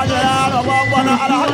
على على على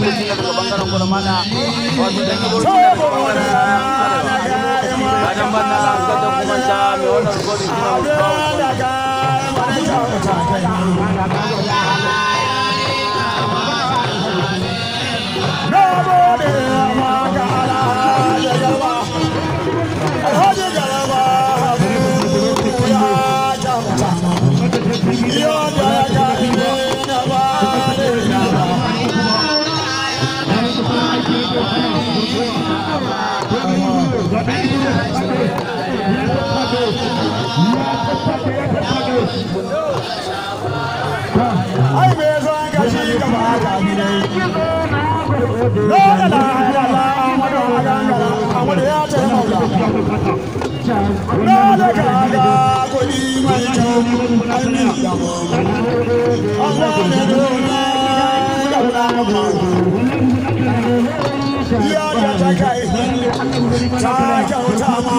wakilci daga bangaren kudu mana wato da ke burki daga bangaren bayan banna na kada kuma sa mai wannan rikodin kina mutuwa ai me yazo an gashi gaba haka gidai la la la la amadu agangara amadu ya ta maula na da kaga kudi mai kyau an ni da mu Allah ne dona da na ya ta kai ta kyauta ma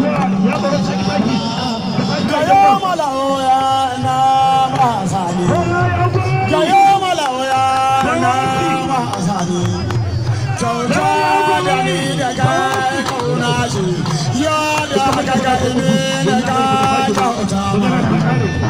azani kyauta da ni da kai shi ya da ka gani da ka kyauta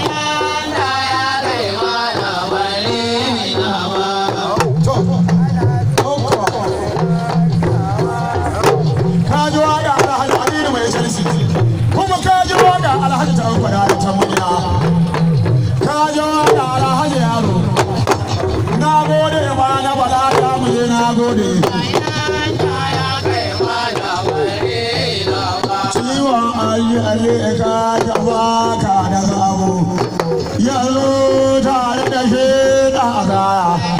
gode ba na faɗa ta mu je na gode ciwon ayi alika ta baka da sabo yanzu tare da shi ta kaya